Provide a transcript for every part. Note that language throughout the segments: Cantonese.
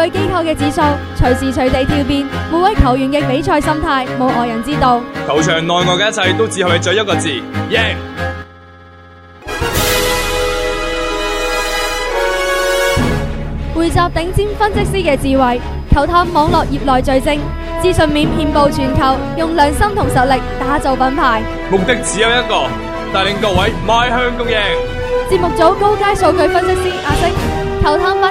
對機構嘅指數隨時隨地跳變，每位球員嘅比賽心態冇外人知道。球場內外嘅一切都只可以做一個字：贏。匯集頂尖分析師嘅智慧，球探網絡業內最精，資訊面遍布全球，用良心同實力打造品牌。目的只有一個，帶領各位邁向共贏。節目組高階數據分析師阿星，球探網。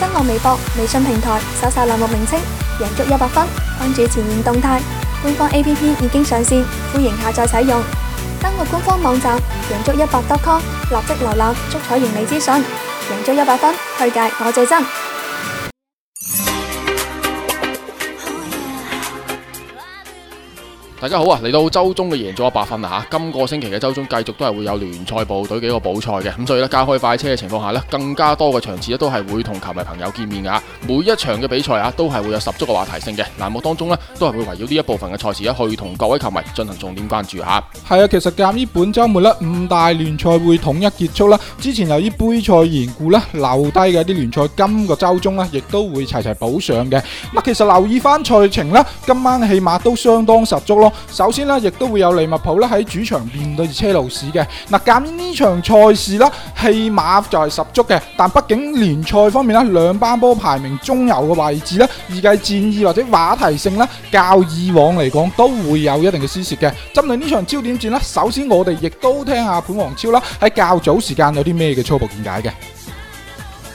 登錄微博微信平台搜索欄目名稱贏足一百分關注前沿動態，官方 APP 已經上線，歡迎下載使用登錄官方網站贏足一百 .com，立即瀏覽足彩盈利資訊贏足一百分推介我最真。大家好啊！嚟到周中嘅贏足 100FUN 啦吓，今個星期嘅周中繼續都係會有聯賽部隊幾個補賽嘅，咁所以呢，加開快車嘅情況下呢，更加多嘅場次都係會同球迷朋友見面噶。每一場嘅比賽啊，都係會有十足嘅話題性嘅。欄目當中呢，都係會圍繞呢一部分嘅賽事呢去同各位球迷進行重點關注下係啊，啊，其實鑒於本週末呢，五大聯賽會統一結束啦，之前由於杯賽緣故呢留低嘅啲聯賽，今個周中呢，亦都會齊齊補上嘅。嗱，其實留意翻賽程啦，今晚起碼都相當十足咯。首先呢亦都會有利物浦呢喺主場面對住車路士嘅，嗱，咁呢場賽事呢戲碼就係十足嘅。但畢竟聯賽方面呢兩班波排名中游嘅位置呢預計戰意或者話題性呢較以往嚟講都會有一定嘅輸蝕嘅。針對呢場焦點戰呢，首先我哋亦都聽下盤王超啦，喺較早時間有啲咩嘅初步見解嘅。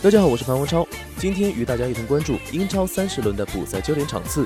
大家好，我是盤王超，今天與大家一同關注英超三十輪嘅補賽焦點場次。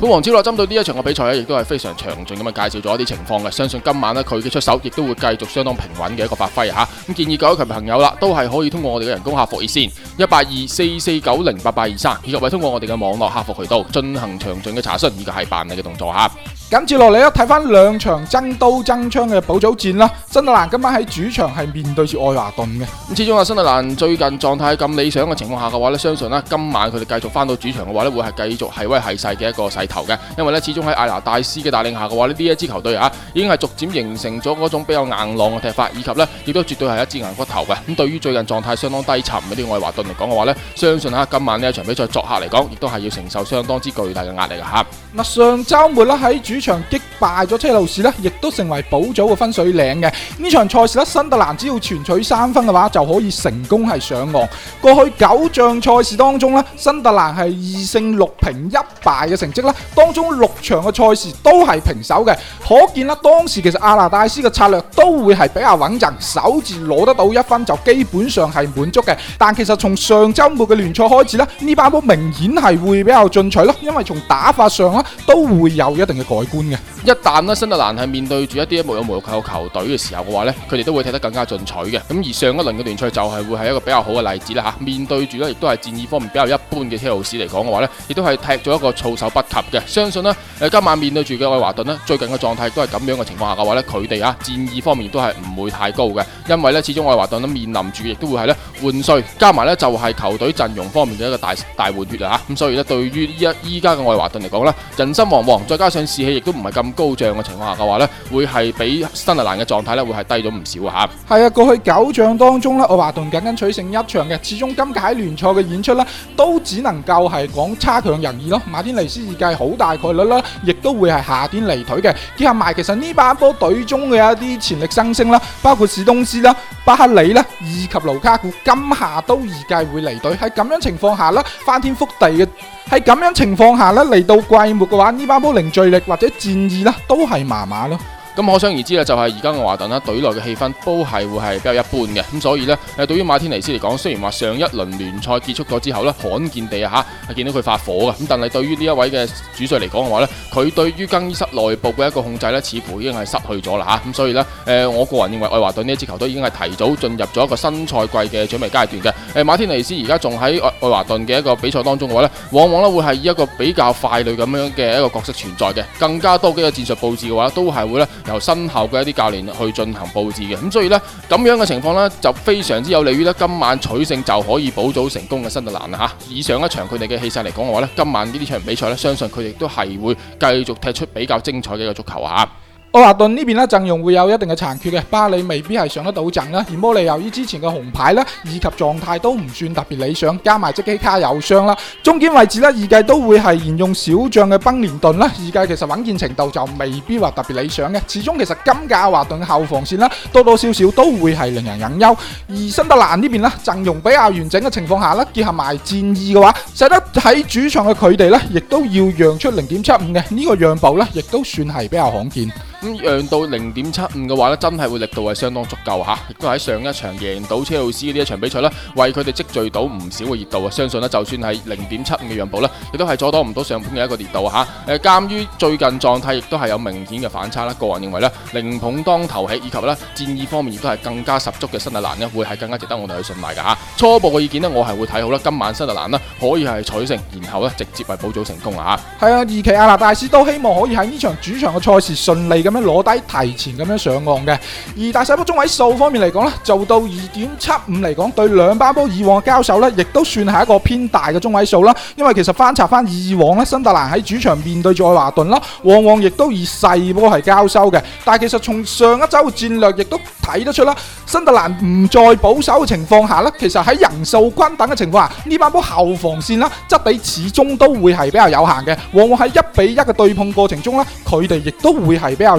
本王超落針對呢一場嘅比賽咧，亦都係非常詳盡咁介紹咗一啲情況嘅。相信今晚呢佢嘅出手亦都會繼續相當平穩嘅一個發揮啊！咁建議各位球迷朋友啦，都係可以通過我哋嘅人工客服熱線一八二四四九零八八二三，823，以及係通過我哋嘅網絡客服渠道進行詳盡嘅查詢，以及係辦理嘅動作嚇。咁接落嚟咯，睇翻兩場爭刀爭槍嘅保組戰啦。新特蘭今晚喺主場係面對住愛華頓嘅。咁始終啊，新特蘭最近狀態咁理想嘅情況下嘅話，相信呢今晚佢哋繼續翻到主場嘅話咧，會係繼續係威係勢嘅一個勢頭嘅。因為呢始終喺艾拿大師嘅帶領下嘅話，呢呢一支球隊啊，已經係逐漸形成咗嗰種比較硬朗嘅踢法，以及呢亦都絕對係一支硬骨頭嘅。咁對於最近狀態相當低沉嗰啲愛華頓嚟講嘅話，相信今晚呢一場比賽作客嚟講，亦都係要承受相當之巨大嘅壓力嘅吓。嗱，上周末啦喺主呢場擊敗咗車路士咧，亦都成為補組嘅分水嶺嘅。場呢場賽事咧，新特蘭只要全取三分嘅話，就可以成功係上岸。過去九仗賽事當中咧，新特蘭係二勝六平一敗嘅成績啦。當中六場嘅賽事都係平手嘅，可見啦。當時其實阿拿戴斯嘅策略都會係比較穩陣，首次攞得到一分就基本上係滿足嘅。但其實從上周末嘅聯賽開始咧，呢把波明顯係會比較進取咯，因為從打法上啦都會有一定嘅改。一旦呢，新特蘭係面對住一啲冇有門路靠球隊嘅時候嘅話呢，佢哋都會踢得更加進取嘅。咁而上一輪嘅聯賽就係會係一個比較好嘅例子啦嚇。面對住呢亦都係戰意方面比較一般嘅車路士嚟講嘅話呢，亦都係踢咗一個措手不及嘅。相信呢，今晚面對住嘅愛華頓呢，最近嘅狀態都係咁樣嘅情況下嘅話呢，佢哋啊戰意方面都係唔會太高嘅，因為呢始終愛華頓都面臨住亦都會係呢換帥，加埋呢就係球隊陣容方面嘅一個大大換血啊嚇。咁所以呢，對於依一依家嘅愛華頓嚟講呢人心惶惶，再加上士氣。亦都唔係咁高漲嘅情況下嘅話呢會係比新特蘭嘅狀態咧，會係低咗唔少嚇。係啊，過去九仗當中呢奧華頓僅僅取勝一場嘅，始終今屆聯賽嘅演出呢都只能夠係講差強人意咯。馬天尼斯二屆好大概率咧，亦都會係夏天離隊嘅。結合埋其實呢班波隊中嘅一啲潛力新星啦，包括史東斯啦、巴克里啦、以及盧卡古，今夏都二屆會離隊。喺咁樣的情況下咧，翻天覆地嘅。喺這樣情況下咧，嚟到季末嘅話，呢把波凝聚力或者戰意都係麻麻咯咁可想而知咧，就係而家愛華頓啦，隊內嘅氣氛都係會係比較一般嘅。咁所以呢，誒對於馬天尼斯嚟講，雖然話上一輪聯賽結束咗之後呢，罕見地啊嚇，見到佢發火嘅。咁但係對於呢一位嘅主帥嚟講嘅話呢，佢對於更衣室內部嘅一個控制呢，似乎已經係失去咗啦嚇。咁所以呢，我個人認為愛華頓呢一支球隊已經係提早進入咗一個新賽季嘅準備階段嘅。誒馬天尼斯而家仲喺愛華頓嘅一個比賽當中嘅話呢，往往呢會係以一個比較快類咁樣嘅一個角色存在嘅，更加多啲嘅戰術佈置嘅話都係會呢。由身後嘅一啲教練去進行布置嘅，咁所以呢，咁樣嘅情況呢，就非常之有利於呢今晚取勝就可以補組成功嘅新特蘭啦吓。以上一場佢哋嘅氣勢嚟講嘅話呢，今晚呢啲場比賽呢，相信佢亦都係會繼續踢出比較精彩嘅一個足球啊。奧華頓呢邊呢陣容會有一定嘅殘缺嘅，巴里未必係上得到陣啦。而摩利由於之前嘅紅牌啦，以及狀態都唔算特別理想，加埋積基卡有傷啦，中間位置呢，預計都會係沿用小將嘅崩年頓啦。預計其實穩健程度就未必話特別理想嘅，始終其實今屆奧華頓嘅後防線啦多多少少都會係令人隱憂。而新特蘭呢邊啦陣容比較完整嘅情況下呢結合埋戰意嘅話，使得喺主場嘅佢哋呢，亦都要讓出零點七五嘅呢個讓步呢，亦都算係比較罕見。咁讓到零點七五嘅話呢真係會力度係相當足夠嚇，亦都喺上一場贏到車路士呢一場比賽啦，為佢哋積聚到唔少嘅熱度啊！相信就算係零點七五嘅讓步咧，亦都係阻擋唔到上盤嘅一個熱度嚇。誒、啊，鑑於最近狀態亦都係有明顯嘅反差啦，個人認為咧，零捧當頭起，以及呢戰意方面亦都係更加十足嘅新特蘭咧，會係更加值得我哋去信賴嘅、啊、初步嘅意見呢我係會睇好啦，今晚新特蘭啦可以係取勝，然後呢直接係保組成功啦係啊，二期亞納大師都希望可以喺呢場主場嘅賽事順利。咁樣攞低，提前咁樣上岸嘅。而大細波中位數方面嚟講呢，做到二點七五嚟講，對兩班波以往嘅交手呢，亦都算係一個偏大嘅中位數啦。因為其實翻查翻以往呢，新特蘭喺主場面對愛華頓啦，往往亦都以細波係交收嘅。但係其實從上一周嘅戰略亦都睇得出啦，新特蘭唔再保守嘅情況下呢，其實喺人數均等嘅情況下，呢班波後防線啦，質地始終都會係比較有限嘅。往往喺一比一嘅對碰過程中呢，佢哋亦都會係比較有限的。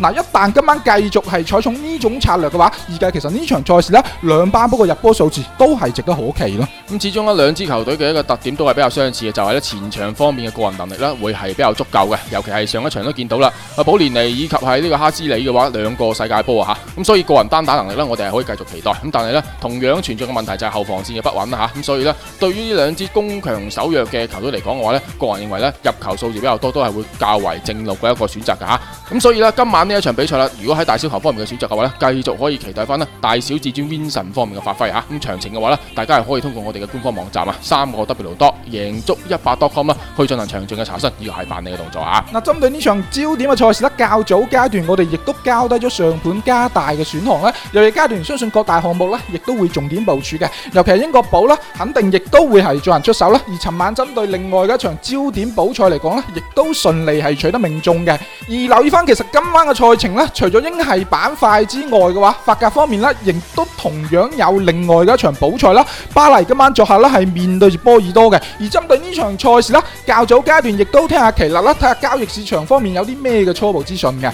嗱、嗯，一旦今晚繼續係採取呢種策略嘅話，而家其實呢場賽事呢兩班不過入波數字都係值得可期咯。咁始終呢兩支球隊嘅一個特點都係比較相似嘅，就係、是、呢前場方面嘅個人能力呢會係比較足夠嘅。尤其係上一場都見到啦，阿保連尼以及係呢個哈斯里嘅話，兩個世界波啊吓。咁、嗯、所以個人單打能力呢，我哋係可以繼續期待。咁但係呢同樣存在嘅問題就係後防綫嘅不穩吓。咁、啊嗯、所以呢，對於呢兩支攻強守弱嘅球隊嚟講嘅話呢，個人認為呢入球數字比較多都係會較為正路嘅一個選擇嘅吓。咁、啊嗯、所以。啦，今晚呢一場比賽啦，如果喺大小球方面嘅選擇嘅話呢，繼續可以期待翻呢大小至尊 Vincent 方面嘅發揮吓，咁詳情嘅話呢，大家係可以通過我哋嘅官方網站啊，三個 W 多贏足一百多 com 啦，去進行詳盡嘅查詢。呢個係辦理嘅動作吓，嗱，針對呢場焦點嘅賽事咧，較早階段我哋亦都交低咗上盤加大嘅選項啦，入夜階段，相信各大項目呢亦都會重點部署嘅。尤其係英國寶啦，肯定亦都會係進行出手啦。而尋晚針對另外嘅一場焦點補賽嚟講呢，亦都順利係取得命中嘅。而留意翻，其實。今晚嘅賽程呢，除咗英系板塊之外嘅話，法甲方面呢，亦都同樣有另外嘅一場補賽啦。巴黎今晚作客呢，係面對住波爾多嘅，而針對呢場賽事啦，較早階段亦都聽下奇勒啦，睇下交易市場方面有啲咩嘅初步資訊嘅。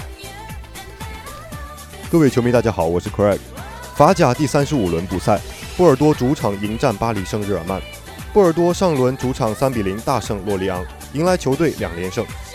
各位球迷，大家好，我是 Craig。法甲第三十五輪補賽，波爾多主場迎戰巴黎聖日耳曼。波爾多上輪主場三比零大勝洛利昂，迎來球隊兩連勝。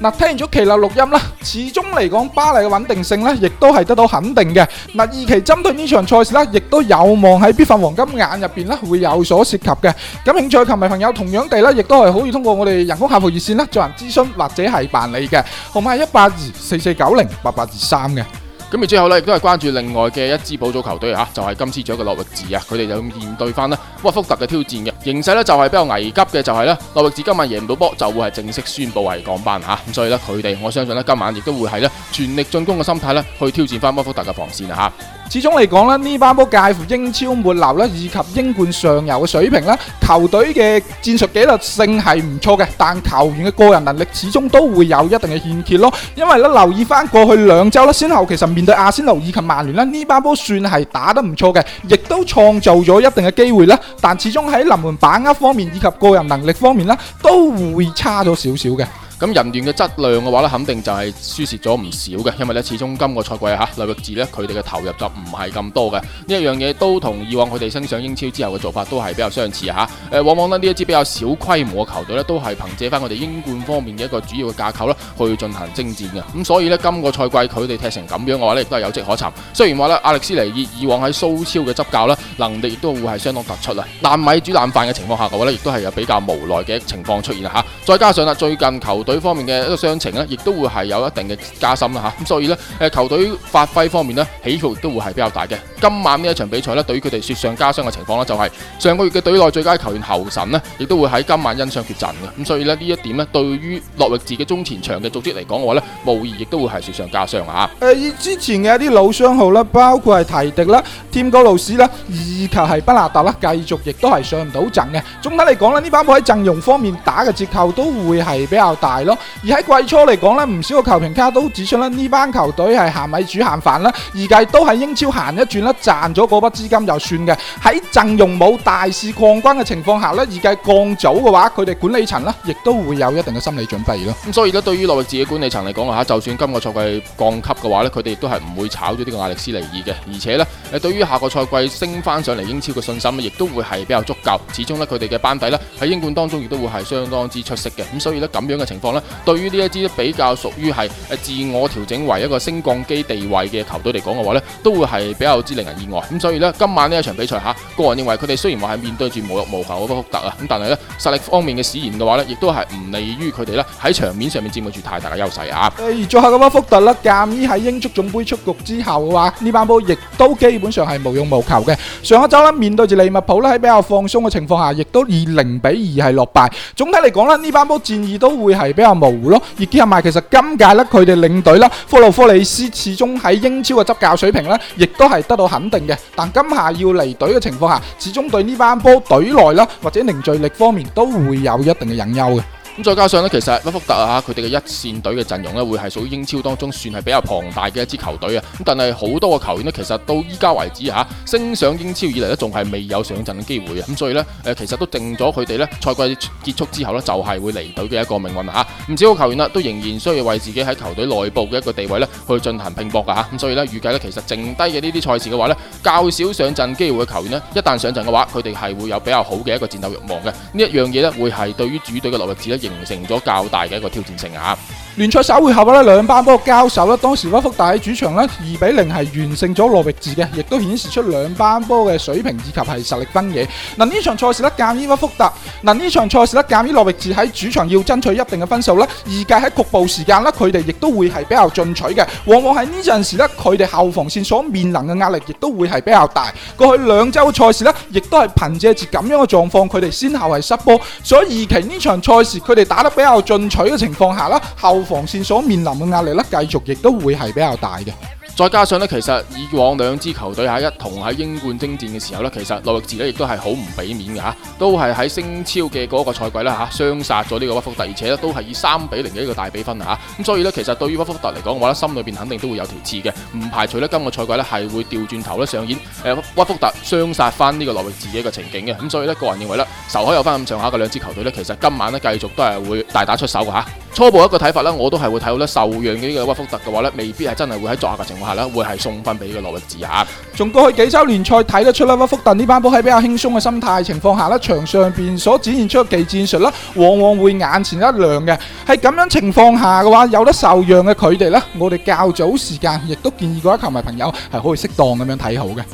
嗱，聽完咗奇立錄音啦，始終嚟講，巴黎嘅穩定性咧，亦都係得到肯定嘅。嗱，二期針對呢場賽事咧，亦都有望喺必發黃金眼入邊咧，會有所涉及嘅。咁，興趣球迷朋友同樣地咧，亦都係可以通過我哋人工客服熱線咧，進行諮詢或者係辦理嘅，號碼係一八二四四九零八八二三嘅。咁而最後咧，亦都係關注另外嘅一支保組球隊啊，就係、是、金絲雀嘅諾域治啊，佢哋就面對翻呢屈福特嘅挑戰嘅形勢呢，就係比較危急嘅，就係呢諾域治今晚贏唔到波，就會係正式宣布為降班嚇，咁所以呢，佢哋我相信呢，今晚亦都會係呢全力進攻嘅心態呢去挑戰翻屈福特嘅防線啊。始終嚟講咧，呢班波介乎英超末流咧，以及英冠上游嘅水平咧，球隊嘅戰術紀律性係唔錯嘅，但球員嘅個人能力始終都會有一定嘅欠缺咯。因為咧，留意翻過去兩周咧先後，其實面對阿仙奴以及曼聯咧，呢班波算係打得唔錯嘅，亦都創造咗一定嘅機會啦。但始終喺臨門把握方面以及個人能力方面咧，都會差咗少少嘅。咁人員嘅質量嘅話咧，肯定就係輸蝕咗唔少嘅，因為呢始終今個賽季啊，哈，內域治佢哋嘅投入就唔係咁多嘅，呢一樣嘢都同以往佢哋升上英超之後嘅做法都係比較相似啊，啊！往往呢，呢一支比較小規模嘅球隊呢，都係憑借翻佢哋英冠方面嘅一個主要嘅架構啦，去進行征戰嘅。咁、啊、所以呢，今個賽季佢哋踢成咁樣嘅話咧，都係有跡可尋。雖然話呢，阿歷斯尼爾以往喺蘇超嘅執教咧，能力亦都會係相當突出啊，爛米煮爛飯嘅情況下嘅話呢，亦都係有比較無奈嘅情況出現啊！哈，再加上啦最近球隊。隊方面嘅一個傷情呢，亦都會係有一定嘅加深啦吓，咁所以呢，誒球隊發揮方面呢，起伏都會係比較大嘅。今晚呢一場比賽呢，對於佢哋雪上加霜嘅情況呢，就係上個月嘅隊內最佳球員侯審呢，亦都會喺今晚因傷缺陣嘅。咁所以呢，呢一點呢，對於洛域治嘅中前場嘅組織嚟講嘅話呢，無疑亦都會係雪上加霜啊吓！誒、呃，之前嘅一啲老傷號啦，包括係提迪啦、添高路士啦，以及係不納達啦，繼續亦都係上唔到陣嘅。總體嚟講呢，呢班喺陣容方面打嘅折扣都會係比較大的。係咯，而喺季初嚟講咧，唔少嘅球評家都指出咧呢班球隊係行米煮行飯啦，預計都喺英超行一轉啦，賺咗嗰筆資金就算嘅。喺陣容冇大肆擴軍嘅情況下咧，預計降組嘅話，佢哋管理層咧亦都會有一定嘅心理準備咯。咁、嗯、所以咧，對於羅傑斯嘅管理層嚟講啊，吓就算今個賽季降級嘅話咧，佢哋亦都係唔會炒咗呢個亞歷斯尼爾嘅。而且咧，誒對於下個賽季升翻上嚟英超嘅信心咧，亦都會係比較足夠。始終咧，佢哋嘅班底咧喺英冠當中亦都會係相當之出色嘅。咁所以咧，咁樣嘅情況。講咧，對於呢一支比較屬於係誒自我調整為一個升降機地位嘅球隊嚟講嘅話呢，都會係比較之令人意外。咁、嗯、所以呢，今晚呢一場比賽吓，個人認為佢哋雖然話係面對住無欲無求嘅波福特啊，咁但係呢，實力方面嘅使然嘅話呢，亦都係唔利於佢哋呢喺場面上面佔據住太大嘅優勢啊。而、哎、最後嘅波福特呢，鑒於喺英足總杯出局之後嘅話，呢班波亦都基本上係無欲無求嘅。上一周呢，面對住利物浦呢，喺比較放鬆嘅情況下，亦都以零比二係落敗。總體嚟講啦，呢班波戰意都會係比較模糊咯，亦兼埋其實今屆咧，佢哋領隊啦，科魯科里斯始終喺英超嘅執教水平咧，亦都係得到肯定嘅。但今夏要離隊嘅情況下，始終對呢班波隊內啦，或者凝聚力方面都會有一定嘅隱憂嘅。再加上呢，其實屈福特啊，佢哋嘅一線隊嘅陣容呢，會係屬於英超當中算係比較龐大嘅一支球隊啊。咁但係好多嘅球員呢，其實到依家為止吓，升上英超以嚟呢，仲係未有上陣嘅機會啊。咁所以呢，誒，其實都定咗佢哋呢，賽季結束之後呢，就係會離隊嘅一個命運吓。唔少個球員啊，都仍然需要為自己喺球隊內部嘅一個地位呢，去進行拼搏噶吓。咁所以呢，預計呢，其實剩低嘅呢啲賽事嘅話呢，較少上陣機會嘅球員呢，一旦上陣嘅話，佢哋係會有比較好嘅一個戰鬥慾望嘅。呢一樣嘢呢，會係對於主隊嘅留日字形成咗較大嘅一個挑戰性啊。聯賽首回合咧兩班波交手咧，當時屈福特喺主場呢，二比零係完勝咗諾域治嘅，亦都顯示出兩班波嘅水平以及係實力分野。嗱呢場賽事呢，鑑於屈福特，嗱呢場賽事呢，鑑於諾域治喺主場要爭取一定嘅分數呢，而家喺局部時間呢，佢哋亦都會係比較進取嘅，往往喺呢陣時呢，佢哋後防線所面臨嘅壓力亦都會係比較大。過去兩週嘅賽事呢，亦都係憑藉住咁樣嘅狀況，佢哋先後係失波。所以二期呢場賽事佢哋打得比較進取嘅情況下啦，後防線所面臨嘅壓力咧，繼續亦都會係比較大嘅。再加上呢，其實以往兩支球隊喺一同喺英冠征戰嘅時候咧，其實諾域治咧亦都係好唔俾面嘅吓，都係喺升超嘅嗰個賽季啦吓，雙殺咗呢個屈福特，而且咧都係以三比零嘅一個大比分吓。咁所以呢，其實對於屈福特嚟講嘅話咧，我心裏邊肯定都會有條刺嘅，唔排除呢，今個賽季咧係會調轉頭咧上演誒屈、呃、福特雙殺翻呢個諾域治嘅一個情景嘅。咁所以呢，個人認為咧，仇口有翻咁上下嘅兩支球隊呢，其實今晚呢，繼續都係會大打出手嘅吓。初步一個睇法啦，我都係會睇好咧受讓嘅呢個屈福特嘅話咧，未必係真係會喺作客嘅情況下咧，會係送分俾呢個諾力治嚇。從過去幾週聯賽睇得出啦，屈福特呢班波喺比較輕鬆嘅心態情況下咧，場上邊所展現出嘅技戰術咧，往往會眼前一亮嘅。喺咁樣情況下嘅話，有得受讓嘅佢哋咧，我哋較早時間亦都建議過啲球迷朋友係可以適當咁樣睇好嘅。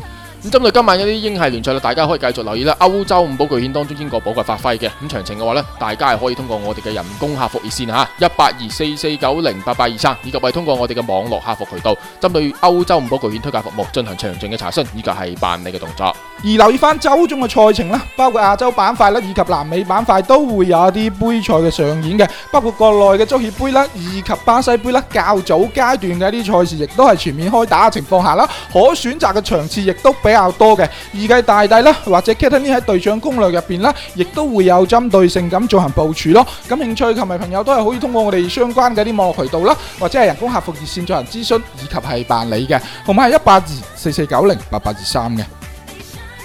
咁針對今晚一啲英系聯賽啦，大家可以繼續留意啦。歐洲五保巨險當中，英國保貴發揮嘅咁詳情嘅話咧，大家係可以通過我哋嘅人工客服熱線嚇一八二四四九零八八二三，823，以及係通過我哋嘅網絡客服渠道，針對歐洲五保巨險推介服務進行詳盡嘅查詢，以及係辦理嘅動作。而留意翻周中嘅賽程啦，包括亞洲板塊啦，以及南美板塊都會有一啲杯賽嘅上演嘅，包括國內嘅足協杯啦，以及巴西杯啦，較早階段嘅一啲賽事亦都係全面開打嘅情況下啦，可選擇嘅場次亦都比較多嘅，二季大帝啦，或者 Katy Lee 喺隊長攻略入邊啦，亦都會有針對性咁進行部署咯。感興趣球迷朋友都係可以通過我哋相關嘅啲網絡渠道啦，或者係人工客服熱線進行諮詢以及係辦理嘅，號碼係一八二四四九零八八二三嘅。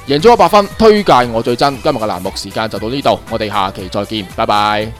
贏咗一百分，推介我最真。今日嘅欄目時間就到呢度，我哋下期再見，拜拜。